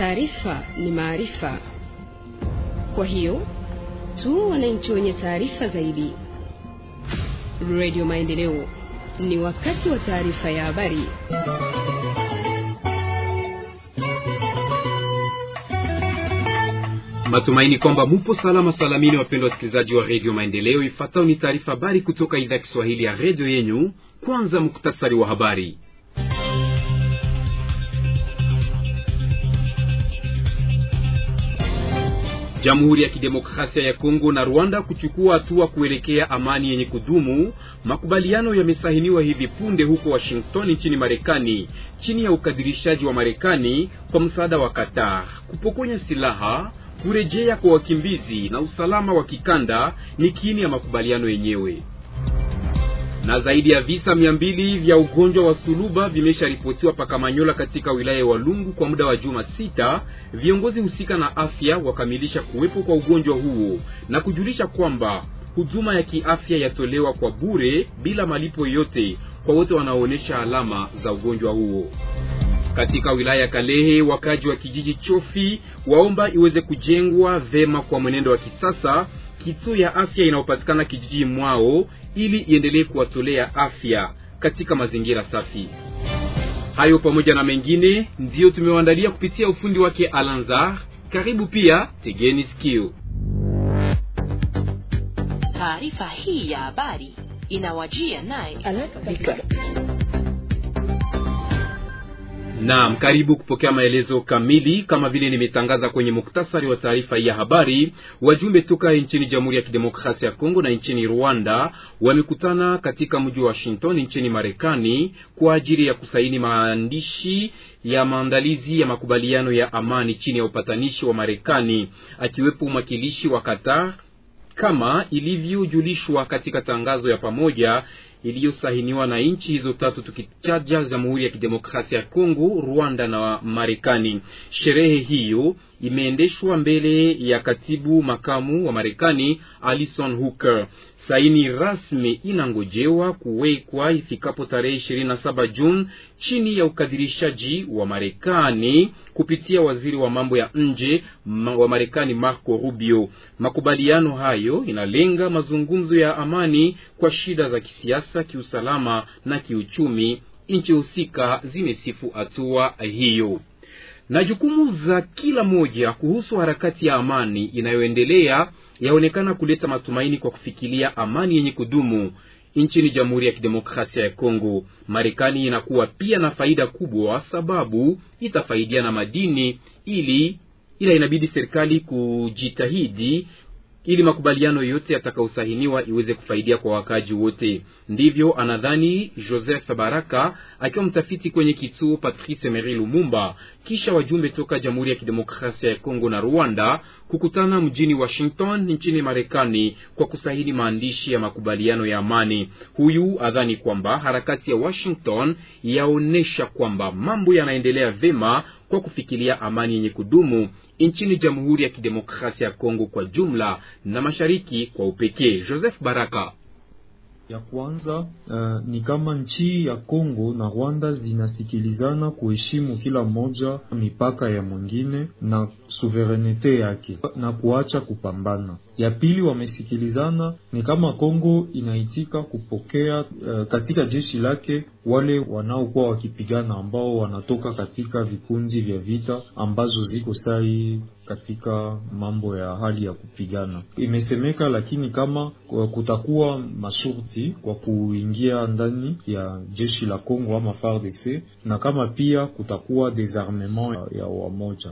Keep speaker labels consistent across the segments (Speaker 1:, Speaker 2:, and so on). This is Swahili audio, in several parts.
Speaker 1: Taarifa ni maarifa, kwa hiyo tu wananchi wenye taarifa zaidi. Radio Maendeleo, ni wakati wa taarifa ya habari.
Speaker 2: Matumaini kwamba mupo salama salamini, wapendwa wasikilizaji wa redio Maendeleo. Ifuatayo ni taarifa habari kutoka idhaa Kiswahili ya redio yenyu. Kwanza, muktasari wa habari. Jamhuri ya Kidemokrasia ya Kongo na Rwanda kuchukua hatua kuelekea amani yenye kudumu. Makubaliano yamesahiniwa hivi punde huko Washington nchini Marekani, chini ya ukadirishaji wa Marekani kwa msaada wa Qatar. Kupokonya silaha, kurejea kwa wakimbizi na usalama wa kikanda ni kiini ya makubaliano yenyewe na zaidi ya visa mia mbili vya ugonjwa wa suluba vimesharipotiwa Pakamanyola katika wilaya ya Walungu kwa muda wa juma sita. Viongozi husika na afya wakamilisha kuwepo kwa ugonjwa huo na kujulisha kwamba huduma ya kiafya yatolewa kwa bure bila malipo yote kwa wote wanaoonyesha alama za ugonjwa huo. Katika wilaya ya Kalehe, wakaji wa kijiji Chofi waomba iweze kujengwa vema kwa mwenendo wa kisasa kituo ya afya inayopatikana kijijini mwao ili iendelee kuwatolea afya katika mazingira safi. Hayo pamoja na mengine ndiyo tumewaandalia kupitia ufundi wake Alanzar. Karibu pia, tegeni sikio.
Speaker 1: Taarifa hii ya habari inawajia naye
Speaker 2: Naam, karibu kupokea maelezo kamili. Kama vile nimetangaza kwenye muktasari wa taarifa ya habari, wajumbe toka nchini Jamhuri ya Kidemokrasia ya Kongo na nchini Rwanda wamekutana katika mji wa Washington nchini Marekani kwa ajili ya kusaini maandishi ya maandalizi ya makubaliano ya amani chini ya upatanishi wa Marekani, akiwepo mwakilishi wa Qatar kama ilivyojulishwa katika tangazo ya pamoja iliyosahiniwa na nchi hizo tatu, tukichaja Jamhuri ya Kidemokrasia ya Kongo, Rwanda na Marekani. Sherehe hiyo imeendeshwa mbele ya katibu makamu wa Marekani Alison Hooker. Saini rasmi inangojewa kuwekwa ifikapo tarehe 27 Juni chini ya ukadirishaji wa Marekani kupitia waziri wa mambo ya nje wa Marekani Marco Rubio. Makubaliano hayo inalenga mazungumzo ya amani kwa shida za kisiasa hasa kiusalama na kiuchumi, nchi husika zimesifu hatua hiyo na jukumu za kila moja kuhusu harakati ya amani inayoendelea yaonekana kuleta matumaini kwa kufikilia amani yenye kudumu nchini Jamhuri ya Kidemokrasia ya Kongo. Marekani inakuwa pia na faida kubwa, sababu itafaidia na madini ili ila inabidi serikali kujitahidi ili makubaliano yote yatakaosahiniwa iweze kufaidia kwa wakaaji wote. Ndivyo anadhani Joseph Baraka akiwa mtafiti kwenye kituo Patrice Emery Lumumba kisha wajumbe toka Jamhuri ya Kidemokrasia ya Kongo na Rwanda kukutana mjini Washington nchini Marekani kwa kusahini maandishi ya makubaliano ya amani. Huyu adhani kwamba harakati ya Washington yaonyesha kwamba mambo yanaendelea vema kwa kufikilia amani yenye kudumu nchini Jamhuri ya Kidemokrasia ya Kongo kwa jumla na mashariki kwa upekee. Joseph Baraka
Speaker 3: ya kwanza uh, ni kama nchi ya Kongo na Rwanda zinasikilizana kuheshimu kila mmoja mipaka ya mwingine na suverenite yake na kuacha kupambana. Ya pili wamesikilizana ni kama Kongo inaitika kupokea uh, katika jeshi lake wale wanaokuwa wakipigana ambao wanatoka katika vikundi vya vita ambazo ziko sai katika mambo ya hali ya kupigana. Imesemeka lakini kama kutakuwa masharti kwa kuingia ndani ya jeshi la Kongo ama FARDC na kama pia kutakuwa desarmement ya wamoja,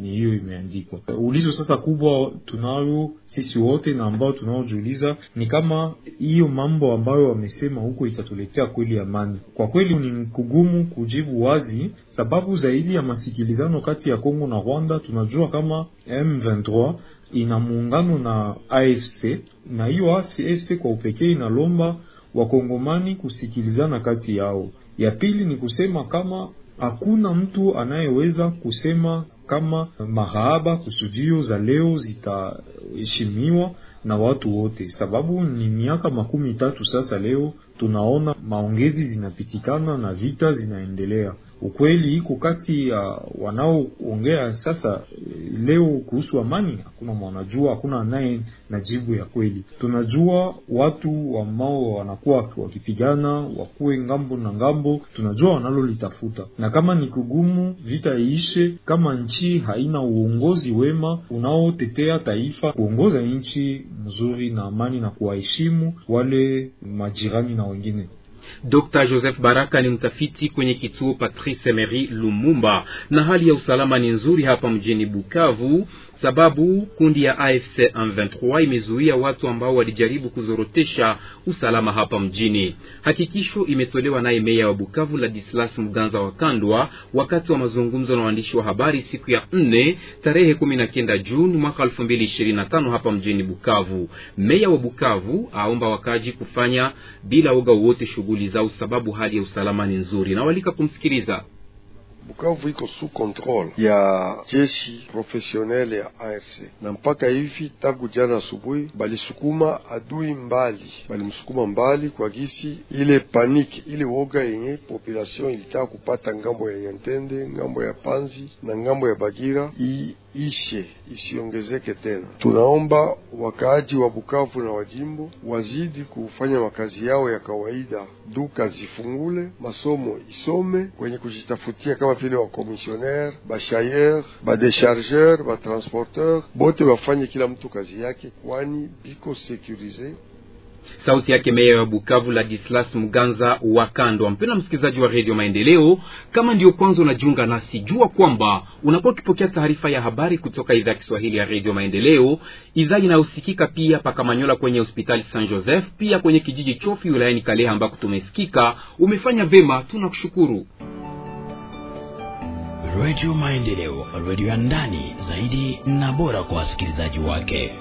Speaker 3: ni hiyo imeandikwa. Ulizo sasa kubwa tunayo sisi wote na ambao tunaojiuliza ni kama hiyo mambo ambayo wamesema huko itatuletea kweli amani. Kwa kweli ni mkugumu kujibu wazi, sababu zaidi ya masikilizano kati ya Kongo na Rwanda tunajua kama M23 ina muungano na AFC na hiyo AFC kwa upekee inalomba wakongomani kusikilizana kati yao. Ya pili ni kusema kama hakuna mtu anayeweza kusema kama mahaba kusudio za leo zitaheshimiwa na watu wote, sababu ni miaka makumi tatu sasa. Leo tunaona maongezi zinapitikana na vita zinaendelea. Ukweli iko kati ya uh, wanaoongea sasa eh, leo kuhusu amani, hakuna mwanajua, hakuna anaye na jibu ya kweli. Tunajua watu ambao wanakuwa wakipigana wakuwe ngambo na ngambo, tunajua wanalolitafuta, na kama ni kugumu vita iishe, kama nchi haina uongozi wema unaotetea taifa kuongoza nchi mzuri na amani na kuwaheshimu wale majirani na wengine.
Speaker 2: Dr. Joseph Baraka ni mtafiti kwenye kituo Patrice Emery Lumumba, na hali ya usalama ni nzuri hapa mjini Bukavu sababu kundi ya AFC M23 imezuia watu ambao walijaribu kuzorotesha usalama hapa mjini. Hakikisho imetolewa naye meya wa Bukavu Ladislas mganza wa Kandwa wakati wa mazungumzo na waandishi wa habari siku ya nne tarehe 19 Juni mwaka 225 hapa mjini Bukavu. Meya wa Bukavu aomba wakaji kufanya bila woga wowote shughuli zao, sababu hali ya usalama ni nzuri nawalika kumsikiliza.
Speaker 4: Bukavu iko sous contrôle ya jeshi professionnel ya ARC, na mpaka hivi tangu jana asubuhi balisukuma adui mbali, balimsukuma mbali kwa gisi ile panique ile woga yenye population ilitaka kupata ngambo ya Yantende, ngambo ya Panzi na ngambo ya Bagira I ishe isiongezeke tena. Tunaomba wakaaji wa Bukavu na wajimbo wazidi kufanya makazi yao ya kawaida, duka zifungule, masomo isome, kwenye kujitafutia kama vile wakomisioner, bashayer, badeshargeur, batransporteur, bote wafanye kila mtu kazi yake, kwani biko sekurize
Speaker 2: Sauti yake meya wa Bukavu Ladislas Muganza Wakandwa. Mpenda msikilizaji wa redio Maendeleo, kama ndiyo kwanza unajiunga nasi, jua kwamba unakuwa ukipokea taarifa ya habari kutoka idhaa ya Kiswahili ya redio Maendeleo, idhaa inayosikika pia pakamanyola kwenye hospitali San Joseph, pia kwenye kijiji Chofi wilayani Kaleha ambako tumesikika. Umefanya vema, tunakushukuru. Redio Maendeleo, redio ya ndani zaidi na bora kwa wasikilizaji wake.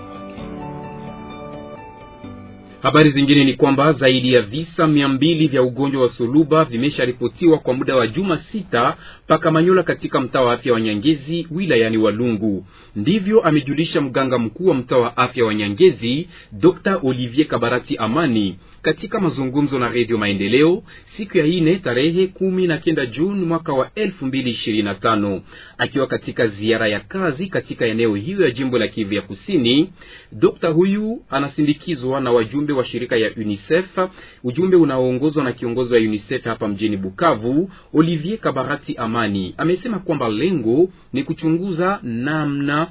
Speaker 2: Habari zingine ni kwamba zaidi ya visa mia mbili vya ugonjwa wa suluba vimesharipotiwa kwa muda wa juma sita paka Manyola katika mtaa wa afya wa Nyangezi wilayani Walungu. Ndivyo amejulisha mganga mkuu wa mtaa wa afya wa Nyangezi Dr. Olivier Kabarati Amani katika mazungumzo na Redio Maendeleo siku ya ine tarehe kumi na kenda Juni mwaka wa elfu mbili ishirini na tano akiwa katika ziara ya kazi katika eneo hiyo ya jimbo la Kivu ya Kusini. d huyu anasindikizwa na wajumbe ujumbe wa shirika ya UNICEF, ujumbe unaoongozwa na kiongozi wa UNICEF hapa mjini Bukavu, Olivier Kabarati Amani, amesema kwamba lengo ni kuchunguza namna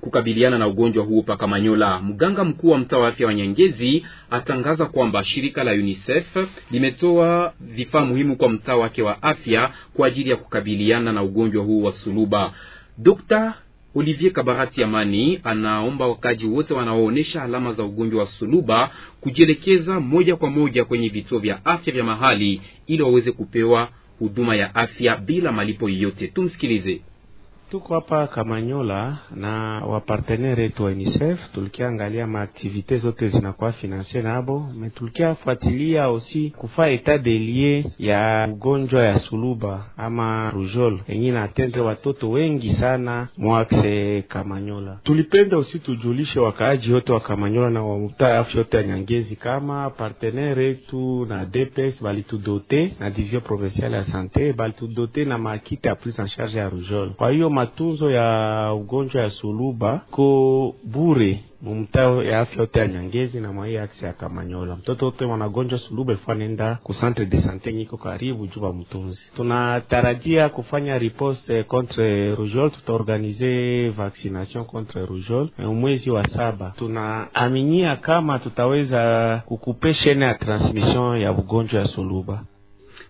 Speaker 2: kukabiliana na ugonjwa huo paka Manyola. Mganga mkuu wa mtaa wa afya wa Nyangezi atangaza kwamba shirika la UNICEF limetoa vifaa muhimu kwa mtaa wake wa afya kwa ajili ya kukabiliana na ugonjwa huu wa suluba. Dr. Olivier Kabarati Amani anaomba wakaji wote wanaoonyesha alama za ugonjwa wa suluba kujielekeza moja kwa moja kwenye vituo vya afya vya mahali ili waweze kupewa huduma ya afya bila malipo yoyote. Tumsikilize.
Speaker 5: Tuko hapa Kamanyola na wapartenere wetu wa UNICEF, tulikiangalia maaktivite zote zinakuwa finansie nabo me tulikiafuatilia osi kufaa etat delie ya ugonjwa ya suluba ama rujol na atende watoto wengi sana mwakse Kamanyola. Tulipenda osi tujulishe wakaaji yote wa Kamanyola na wamutaa afya yote ya Nyangezi kama partenere wetu na DPS balitudote na division provinciale ya sante balitudote na makite ya prise en charge ya rujol. Kwa hiyo matunzo ya ugonjwa ya suluba ko bure mumtao ya afya yote ya Nyangezi na mwaii aksi ya Kamanyola. Mtoto wote wanagonjwa suluba ilikuwa nenda ku centre de sante niko karibu juba mtunzi. Tunatarajia kufanya riposte contre rujol, tutaorganize vaccination contre rujol eh, mwezi wa saba. Tunaaminia kama tutaweza kukupe shene ya transmission ya ugonjwa ya suluba.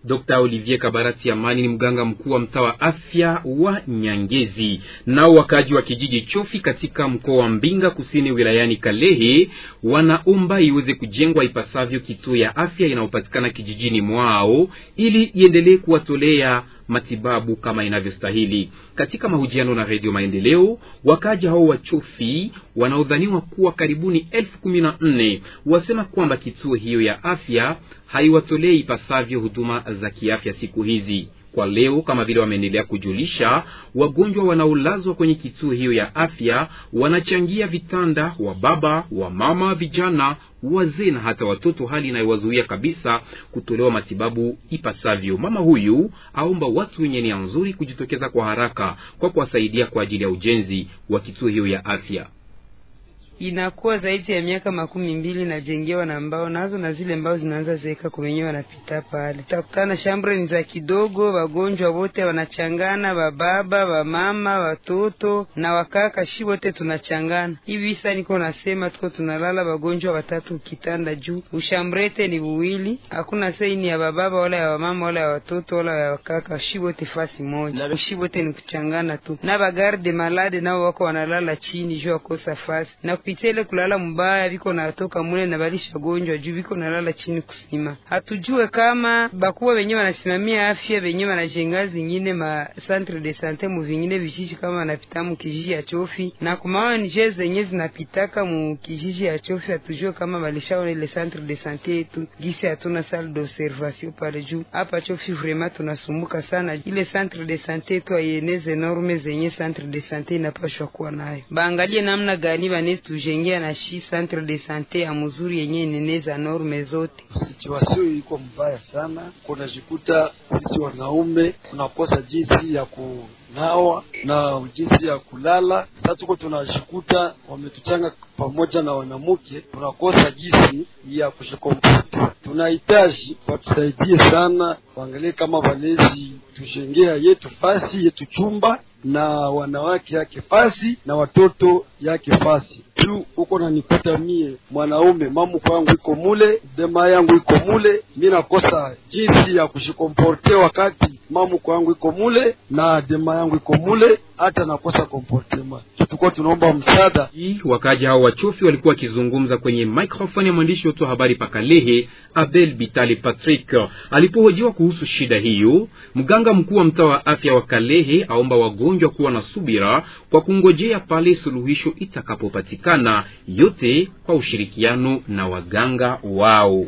Speaker 2: Dr. Olivier Kabarati Amani ni mganga mkuu wa mtaa wa afya wa Nyangezi. Nao wakaaji wa kijiji Chofi katika mkoa wa Mbinga kusini wilayani Kalehe wanaomba iweze kujengwa ipasavyo kituo ya afya inayopatikana kijijini mwao ili iendelee kuwatolea matibabu kama inavyostahili. Katika mahojiano na Redio Maendeleo, wakaja hao wachofi wanaodhaniwa kuwa karibuni elfu kumi na nne wasema kwamba kituo hiyo ya afya haiwatolei ipasavyo huduma za kiafya siku hizi kwa leo, kama vile wameendelea kujulisha, wagonjwa wanaolazwa kwenye kituo hiyo ya afya wanachangia vitanda wa baba wa mama, vijana, wazee na hata watoto, hali inayowazuia kabisa kutolewa matibabu ipasavyo. Mama huyu aomba watu wenye nia nzuri kujitokeza kwa haraka kwa kuwasaidia kwa ajili ya ujenzi wa kituo hiyo ya afya
Speaker 6: inakuwa zaidi ya miaka makumi mbili inajengewa na mbao nazo na zile mbao zinaanza zeeka kumenyewa napita pale, takutana shambre ni za kidogo, wagonjwa wote wanachangana, wababa wamama, watoto na wakaka, shi wote tunachangana hivi. Sasa niko nasema tuko tunalala wagonjwa watatu kitanda juu, ushambrete ni buwili hakuna seini ya wababa wala ya wamama wala ya watoto wala ya wakaka, shi wote fasi moja, shi wote ni kuchangana tu, na bagarde malade nao wako wanalala chini juu wakosa fasi na Mapitele kulala mbaya, viko natoka mule na balisha gonjwa juu viko nalala chini kusima. Hatujue kama bakuwa wenye wanasimamia afya wenye wanajenga zingine ma centre de sante mu vingine vijiji kama wanapita mu kijiji ya Chofi na kumawa nije zenye zinapitaka mu kijiji ya Chofi, hatujue kama balishaona ile centre de sante yetu gisi, hatuna salle d'observation pale juu hapa Chofi. Vraiment tunasumbuka sana, ile centre de sante yetu aieneze norme zenye centre de sante inapashwa kuwa nayo, baangalie namna gani banetu tujengea na shi centre de sante ya mzuri yenye eneneza norme zote. Situasio ilikuwa mbaya sana, kunajikuta sisi wanaume tunakosa jinsi ya kunawa na jinsi ya kulala. Sasa tuko tunajikuta wametuchanga pamoja na wanamke, tunakosa jinsi ya kujikomporti. Tunahitaji watusaidie sana, waangalie kama walezi tujengea yetu fasi yetu chumba na wanawake yake fasi na watoto yake fasi juu uko nanikuta mie mwanaume, mamuko yangu iko mule, dema yangu iko mule, mi nakosa jinsi ya kushikomporte wakati mamuko yangu iko mule na dema yangu iko mule hata nakosa komportema
Speaker 2: Tulikuwa tunaomba msaada. Wakaja hao wachofi walikuwa wakizungumza kwenye microphone ya mwandishi wetu wa habari Pakalehe Abel Bitali Patrick. Alipohojiwa kuhusu shida hiyo, mganga mkuu wa mtaa wa afya wa Kalehe aomba wagonjwa kuwa na subira kwa kungojea pale suluhisho itakapopatikana, yote kwa ushirikiano na waganga wao.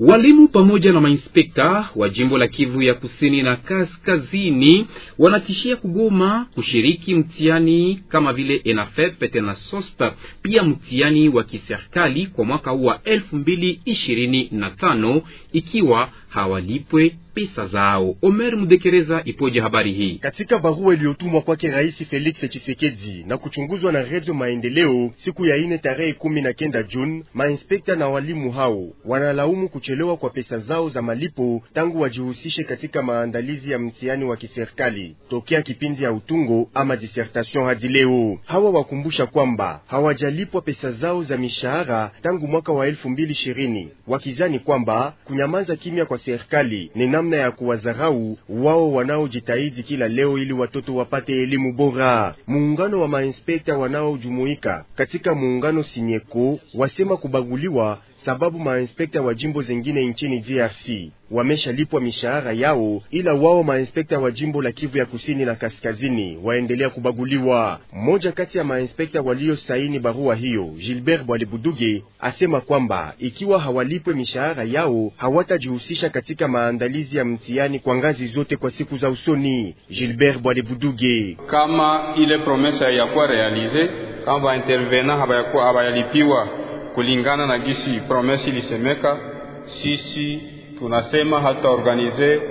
Speaker 2: Walimu pamoja na mainspekta wa jimbo la Kivu ya kusini na kaskazini wanatishia kugoma kushiriki mtihani kama vile ENAFEP tena SOSPA, pia mtihani wa kiserikali kwa mwaka huu wa elfu mbili ishirini na tano ikiwa hawalipwe pesa zao. Omer Mudekereza, ipoje habari hii?
Speaker 4: Katika barua iliyotumwa kwake Rais Felix Tshisekedi na kuchunguzwa na Radio Maendeleo siku ya ine tarehe kumi na kenda Juni, mainspekta na walimu hao wanalaumu kuchelewa kwa pesa zao za malipo tangu wajihusishe katika maandalizi ya mtihani wa kiserikali tokea kipindi ya utungo ama dissertation hadi leo. Hawa wakumbusha kwamba hawajalipwa pesa zao za mishahara tangu mwaka wa elfu mbili ishirini wakizani kwamba kunyamaza kimya kwa serikali ni namna ya kuwadharau wao wanaojitahidi kila leo ili watoto wapate elimu bora. Muungano wa mainspekta wanaojumuika katika muungano Sinyeko wasema kubaguliwa sababu mainspekta wa jimbo zingine nchini DRC wameshalipwa mishahara yao, ila wao mainspekta wa jimbo la Kivu ya kusini na kaskazini waendelea kubaguliwa. Mmoja kati ya mainspekta waliosaini barua hiyo, Gilbert Bwalibuduge, asema kwamba ikiwa hawalipwe mishahara yao hawatajihusisha katika maandalizi ya mtihani kwa ngazi zote kwa siku za usoni. Gilbert Bwalibuduge:
Speaker 2: kama ile promesa ya kwa realize kama intervenant habaya habaya lipiwa kulingana na gisi promesi ilisemeka. Sisi tunasema hataorganize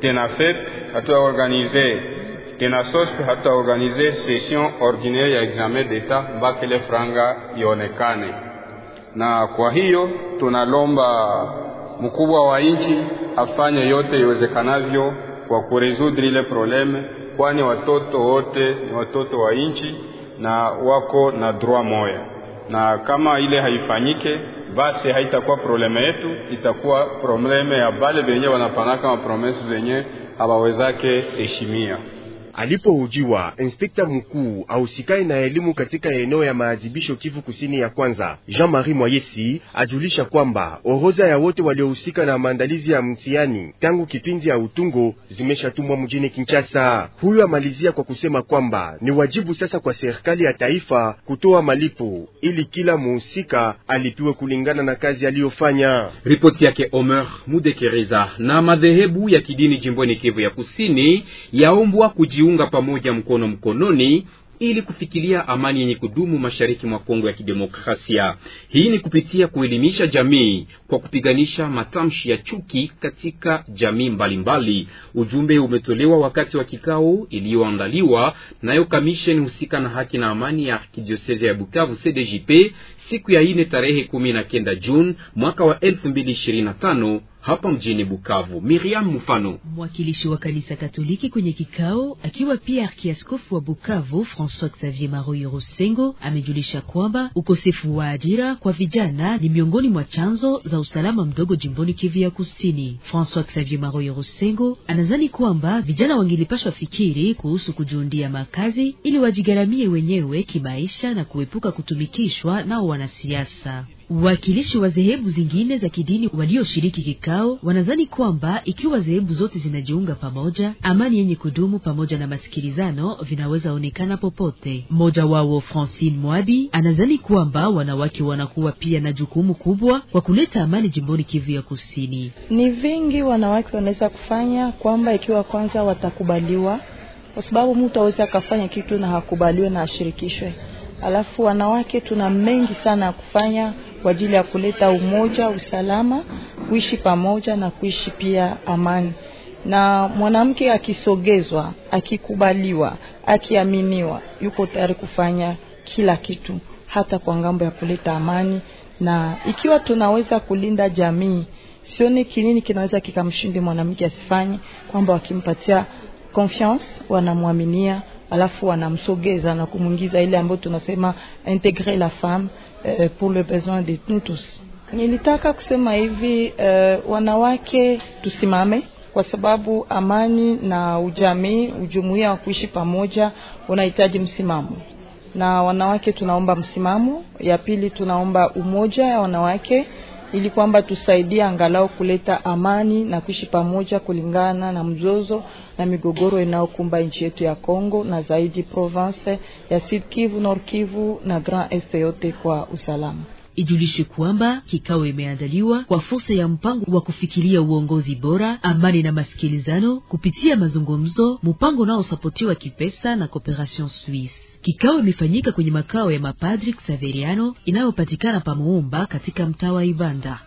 Speaker 2: tena FEP, hataorganize tena SOSP, hataorganize session ordinaire ya examen d'etat mpaka ile franga ionekane. Na kwa hiyo tunalomba mkubwa wa nchi afanye yote iwezekanavyo kwa kurezudri ile probleme, kwani watoto wote ni watoto wa nchi na wako na droit moya na kama ile haifanyike basi haitakuwa probleme yetu, itakuwa probleme ya bale benye wanapanaka mapromesi zenye
Speaker 4: abawezake heshimia. Alipohojiwa, inspekta mkuu ahusikaye na elimu katika eneo ya maadhibisho Kivu Kusini ya kwanza, Jean-Marie Mwayesi ajulisha kwamba orodha ya wote waliohusika na maandalizi ya mtihani tangu kipindi ya utungo zimeshatumwa mjini Kinshasa. Huyo amalizia kwa kusema kwamba ni wajibu sasa kwa serikali ya taifa kutoa malipo ili kila muhusika alipiwe kulingana na kazi aliyofanya.
Speaker 2: Ripoti yake Omer Mudekereza. Na madhehebu ya kidini jimboni Kivu ya Kusini yaombwa kuji kujiunga pamoja mkono mkononi ili kufikiria amani yenye kudumu mashariki mwa Kongo ya Kidemokrasia. Hii ni kupitia kuelimisha jamii kwa kupiganisha matamshi ya chuki katika jamii mbalimbali. Ujumbe umetolewa wakati wa kikao iliyoandaliwa nayo kamisheni husika na haki na amani ya kidiosezi ya Bukavu CDJP siku ya ine tarehe kumi na kenda Juni mwaka wa elfu mbili ishirini na tano hapa mjini Bukavu. Miriam Mufano,
Speaker 1: mwakilishi wa kanisa Katoliki kwenye kikao, akiwa pia arkiaskofu wa Bukavu, Francois Xavier Maroyo Rusengo amejulisha kwamba ukosefu wa ajira kwa vijana ni miongoni mwa chanzo za usalama mdogo jimboni Kivu ya Kusini. Francois Xavier Maroyo Rusengo anadhani kwamba vijana wangelipashwa fikiri kuhusu kujiundia makazi ili wajigharamie wenyewe kimaisha na kuepuka kutumikishwa nao wanasiasa. wakilishi wa dhehebu zingine za kidini walioshiriki kikao wanadhani kwamba ikiwa dhehebu zote zinajiunga pamoja, amani yenye kudumu pamoja na masikilizano vinaweza onekana popote. Mmoja wao Francine Mwabi anadhani kwamba wanawake wanakuwa pia na jukumu kubwa kwa kuleta amani jimboni Kivu ya Kusini.
Speaker 7: Ni vingi wanawake wanaweza kufanya, kwamba ikiwa kwanza watakubaliwa, kwa sababu mtu aweza akafanya kitu na hakubaliwe na ashirikishwe Alafu wanawake tuna mengi sana ya kufanya kwa ajili ya kuleta umoja, usalama, kuishi pamoja na kuishi pia amani. Na mwanamke akisogezwa, akikubaliwa, akiaminiwa, yuko tayari kufanya kila kitu, hata kwa ngambo ya kuleta amani. Na ikiwa tunaweza kulinda jamii, sioni kinini kinaweza kikamshindi mwanamke asifanye, kwamba wakimpatia confiance, wanamwaminia alafu anamsogeza na kumwingiza ile ambayo tunasema integre la femme eh, pour le besoin de nous tous. Nilitaka kusema hivi eh, wanawake tusimame kwa sababu amani na ujamii, ujumuia wa kuishi pamoja unahitaji msimamo, na wanawake tunaomba msimamo. Ya pili tunaomba umoja ya wanawake ili kwamba tusaidie angalau kuleta amani na kuishi pamoja kulingana na mzozo na migogoro inayokumba nchi yetu ya Kongo na zaidi province ya Sud Kivu, Nord Kivu na Grand Est yote kwa usalama
Speaker 1: ijulishe kwamba kikao imeandaliwa kwa fursa ya mpango wa kufikiria uongozi bora, amani na masikilizano kupitia mazungumzo, mpango unaosapotiwa kipesa na Cooperation Suisse. Kikao imefanyika kwenye makao ya mapadri saveriano inayopatikana pa Muumba katika mtaa wa Ibanda.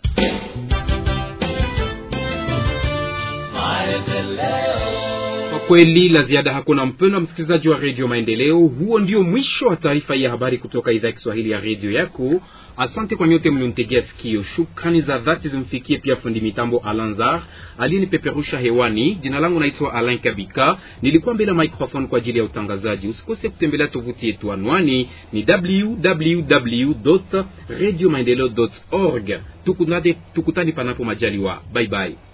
Speaker 2: kweli la ziada hakuna. wa msikilizaji wa redio Maendeleo, huo ndio mwisho wa taarifa ya habari kutoka idhaa ya Kiswahili ya redio yako. Asante kwa nyote mliontegea sikio. Shukrani za dhati zimfikie pia fundi mitambo Alanzar aliyenipeperusha hewani. Jina langu naitwa Alain Kabika, nilikuwa mbele ya microphone kwa ajili ya utangazaji. Usikose kutembelea tovuti yetu, anwani ni www radio maendeleo org. tukutani panapo majaliwa. Baibai.